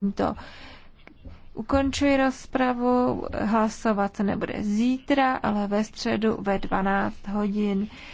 tímto ukončuji rozpravu, hlasovat se nebude zítra, ale ve středu ve 12 hodin.